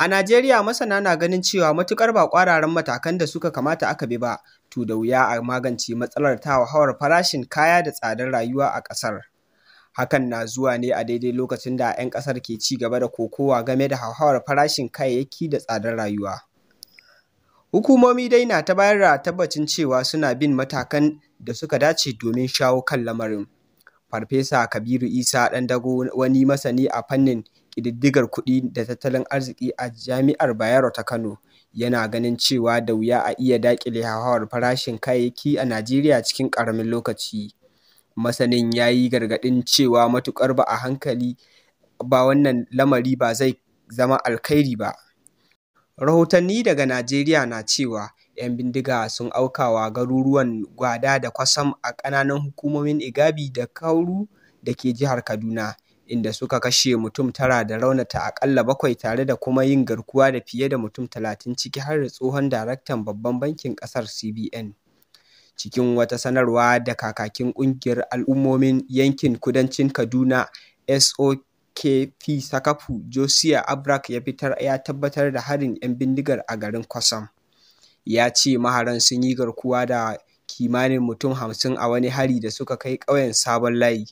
A Najeriya masana na ganin cewa matuƙar ba ƙwararan matakan da suka kamata aka bi ba, to da wuya a magance matsalar ta hauhawar farashin kaya da tsadar rayuwa a ƙasar. Hakan na zuwa ne a daidai lokacin da 'yan ƙasar ke ci gaba da kokowa game da hauhawar farashin kayayyaki da tsadar rayuwa. Hukumomi dai na ta bayar da tabbacin cewa suna bin matakan da suka dace domin shawo kan lamarin. Farfesa Kabiru Isa Ɗandago wani masani a fannin ƙididdigar kuɗi da tattalin arziki a Jami'ar Bayero ta Kano, yana ganin cewa da wuya a iya daƙile hauhawar farashin kayayyaki a Najeriya cikin ƙaramin lokaci. Masanin ya yi gargaɗin cewa matuƙar ba a hankali ba wannan lamari ba zai zama alkhairi ba. Rahotanni daga Najeriya na cewa 'yan bindiga sun aukawa garuruwan Gwada da Kwasam a ƙananan hukumomin Igabi da Kauru da ke jihar Kaduna. inda suka kashe mutum tara da raunata akalla bakwai tare da kuma yin garkuwa da fiye da mutum talatin ciki har da tsohon daraktan babban bankin ƙasar CBN. Cikin wata sanarwa da kakakin ƙungiyar al'ummomin yankin kudancin Kaduna SOKP Sakafu Josia Abrak ya fitar ya tabbatar da harin 'yan bindigar a garin Kwasam. Ya ce maharan sun yi garkuwa da kimanin mutum hamsin a wani hari da suka kai ƙauyen Sabon Layi.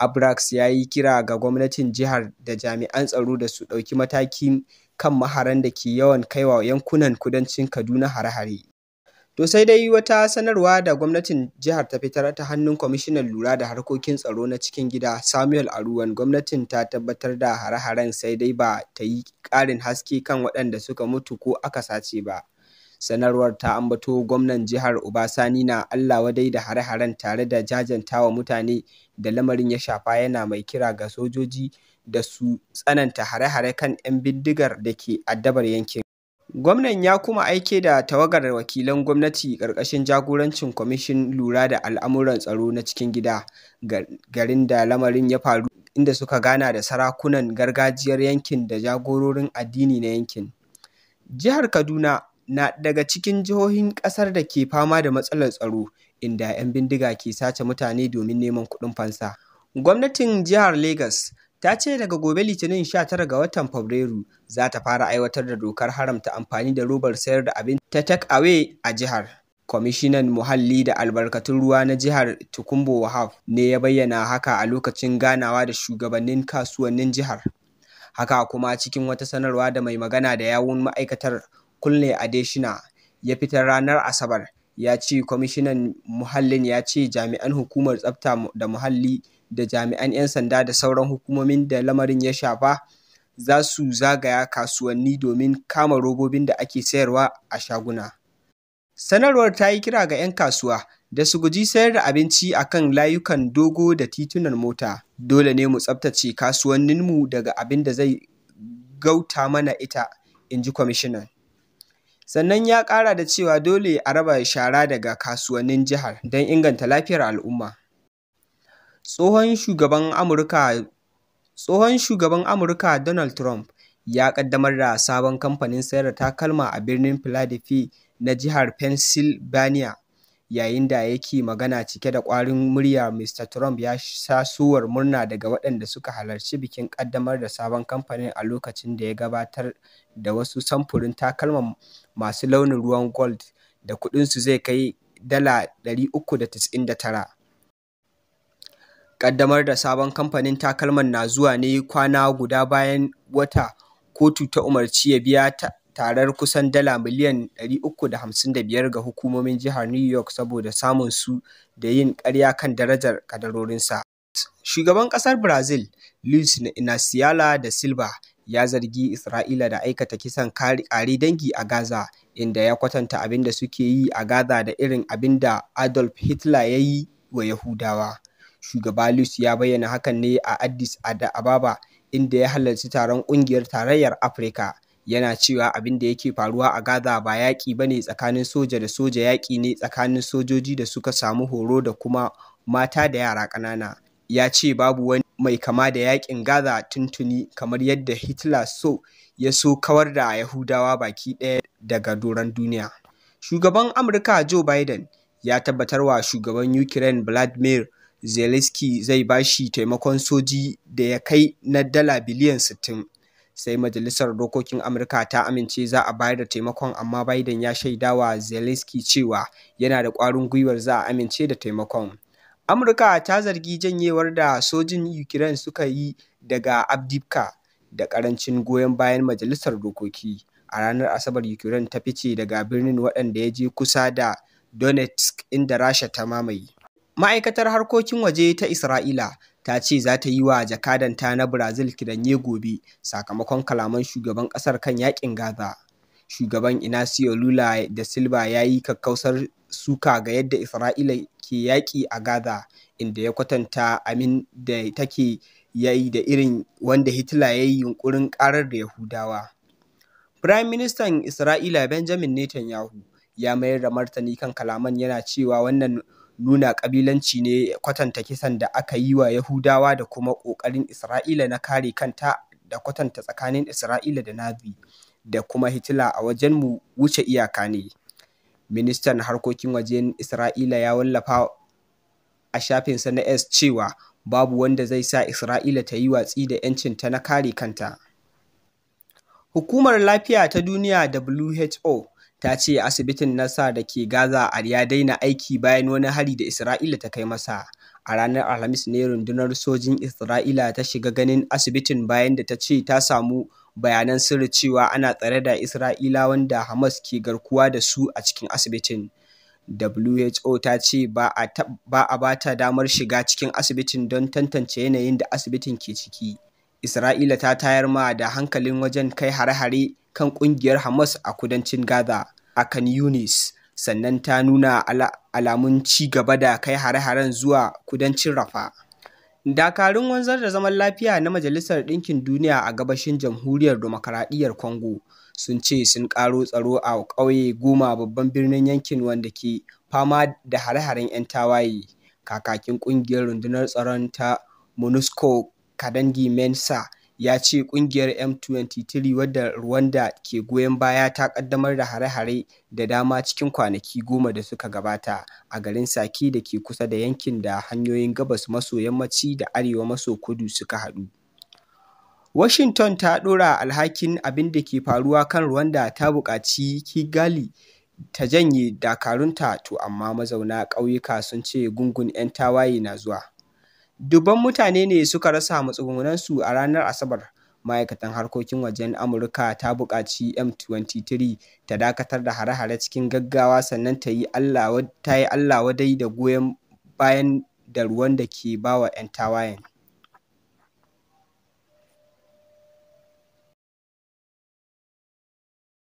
Abrax ya yi kira ga gwamnatin jihar da jami'an tsaro da su ɗauki mataki kan maharan da ke yawan kaiwa yankunan kudancin Kaduna hare-hare. To sai dai wata sanarwa da gwamnatin jihar ta fitar ta hannun kwamishinan lura da harkokin tsaro na cikin gida Samuel Aruwan gwamnatin ta tabbatar da hare-haren sai dai ba ta yi ƙarin haske kan waɗanda suka mutu ko aka sace ba. Sanarwar ta ambato gwamnan jihar Obasani na Allah wadai da hare-haren tare da jajantawa mutane da lamarin ya shafa yana mai kira ga sojoji da su tsananta hare-hare kan 'yan bindigar da ke addabar yankin. Gwamnan ya kuma aike da tawagar wakilan gwamnati ƙarƙashin jagorancin kwamishin lura da al'amuran tsaro na cikin gida garin da lamarin ya faru inda suka gana da sarakunan gargajiyar yankin da jagororin addini na yankin. Jihar Kaduna na daga cikin jihohin ƙasar da ke fama da matsalar tsaro, inda 'yan bindiga ke sace mutane domin neman kuɗin fansa. Gwamnatin Jihar Legas ta ce daga gobe Litinin 19 ga watan Fabrairu za ta fara aiwatar da dokar haramta amfani da robar sayar da abin ta take away a jihar. Kwamishinan Muhalli da Albarkatun Ruwa na jihar Tukumbo Wahab ne ya bayyana haka a lokacin ganawa da shugabannin kasuwannin jihar. Haka kuma cikin wata sanarwa da mai magana da yawun ma'aikatar Kunle Adeshina, ya fitar ranar Asabar ya ce kwamishinan muhallin ya ce jami'an hukumar tsafta da muhalli da jami'an 'yan sanda da sauran hukumomin da lamarin ya shafa za su zagaya kasuwanni domin kama robobin da ake sayarwa a shaguna. Sanarwar ta yi kira ga 'yan kasuwa da su guji sayar da abinci a kan layukan dogo da titunan mota. Dole ne mu tsabtace kasuwanninmu daga abin da zai gauta mana ita, in ji kwamishinan. Sannan ya ƙara da cewa dole a raba shara daga kasuwannin jihar don inganta lafiyar al'umma. Tsohon shugaban Amurka Donald Trump ya ƙaddamar da sabon kamfanin sayar da takalma a birnin Philadelphia na jihar Pennsylvania. Yayin da yake magana cike da ƙwarin murya, Mr. Trump ya sa suwar murna daga waɗanda suka halarci bikin ƙaddamar da sabon kamfanin a lokacin da ya gabatar da wasu samfurin takalman masu launin ruwan gold da kuɗinsu zai kai dala 399. Ƙaddamar da sabon kamfanin takalman na zuwa ne kwana guda bayan wata kotu ta umarci ya biya ta. tarar kusan dala miliyan 355 ga hukumomin jihar New York saboda samun su da yin ƙarya kan darajar kadarorinsa. Shugaban ƙasar Brazil, Luiz Inacio da Silva, ya zargi Isra'ila da aikata kisan kare dangi a Gaza, inda ya kwatanta abin da suke yi a Gaza da irin abin da Adolf Hitler ya yi wa Yahudawa. Shugaba Luiz ya bayyana hakan ne a Addis Ababa, inda ya halarci taron ƙungiyar tarayyar Afirka. yana cewa abin da yake faruwa a Gaza ba yaƙi ba ne tsakanin soja da soja yaƙi ne tsakanin sojoji da suka samu horo da kuma mata da yara ƙanana. Ya ce babu wani mai kama da yaƙin Gaza tuntuni kamar yadda Hitler so ya so kawar da Yahudawa baki ɗaya daga doron duniya. Shugaban Amurka Joe Biden ya tabbatar wa shugaban Ukraine Vladimir Zelensky zai bashi taimakon soji da ya kai na dala biliyan 60 sai majalisar dokokin amurka ta amince za a bayar da taimakon amma biden ya shaida wa zelensky cewa yana da ƙwarin gwiwar za a amince da taimakon amurka ta zargi janyewar da sojin ukraine suka yi daga abdivka da karancin goyon bayan majalisar dokoki a ranar asabar ukraine ta fice daga birnin waɗanda ya je kusa da donetsk inda rasha ta mamaye ma'aikatar harkokin waje ta isra'ila ta ce za ta yi wa jakadanta na Brazil kiranye gobe sakamakon kalaman shugaban ƙasar kan yaƙin Gaza. Shugaban Inacio Lula da Silva ya yi kakkausar suka ga yadda Isra'ila ke yaƙi a Gaza, inda ya kwatanta amin da take yayi da irin wanda Hitler ya yi yunƙurin karar da Yahudawa. Firayim Ministan Isra'ila Benjamin Netanyahu ya mayar da martani kan kalaman yana cewa wannan nuna ƙabilanci ne kwatanta kisan da aka yi wa Yahudawa da kuma ƙoƙarin Isra'ila na kare kanta da kwatanta tsakanin Isra'ila da Nazi da kuma Hitler a wajenmu wuce iyaka ne. Ministan harkokin wajen Isra'ila ya wallafa a shafinsa na S cewa babu wanda zai sa Isra'ila ta yi watsi da 'yancinta na kare kanta. Hukumar Lafiya ta Duniya WHO ta ce asibitin nasa da ke Gaza a ya daina aiki bayan wani hari da Isra'ila ta kai masa. A ranar Alhamis ne rundunar sojin Isra'ila ta shiga ganin asibitin bayan da ta ce ta samu bayanan sirri cewa ana tsare da Isra'ila wanda Hamas ke garkuwa da su a cikin asibitin. WHO ta ce ba a ba ta damar shiga cikin asibitin don tantance yanayin da asibitin ke ciki. Isra'ila ta tayar ma da hankalin wajen kai hare-hare kan ƙungiyar Hamas a kudancin Gaza a kan Yunis, sannan ta nuna alamun ci gaba da kai hare-haren zuwa kudancin Rafa. Dakarun wanzar da zaman lafiya na Majalisar Ɗinkin Duniya a gabashin Jamhuriyar Demokaradiyyar kongo sun ce sun ƙaro tsaro a ƙauye goma babban birnin yankin wanda ke fama da hare-haren 'yan tawaye. Kakakin ƙungiyar rundunar tsaron ta MONUSCO Kadangi Mensa ya ce kungiyar M23 wadda Rwanda ke goyon baya ta kaddamar da hare-hare da dama cikin kwanaki goma da suka gabata a garin Sake da ke kusa da yankin da hanyoyin gabas maso yammaci da arewa maso kudu suka haɗu. Washington ta ɗora alhakin abin da ke faruwa kan Rwanda ta buƙaci Kigali ta janye dakarunta to amma mazauna ƙauyuka sun ce gungun 'yan tawaye na zuwa. Dubban mutane ne suka rasa matsugunansu a ranar Asabar. Ma'aikatan Harkokin Wajen Amurka ta buƙaci M23 ta dakatar da hare-hare cikin gaggawa sannan ta yi Allah wadai da goyon bayan da ruwan da ke bawa ‘yan tawayen.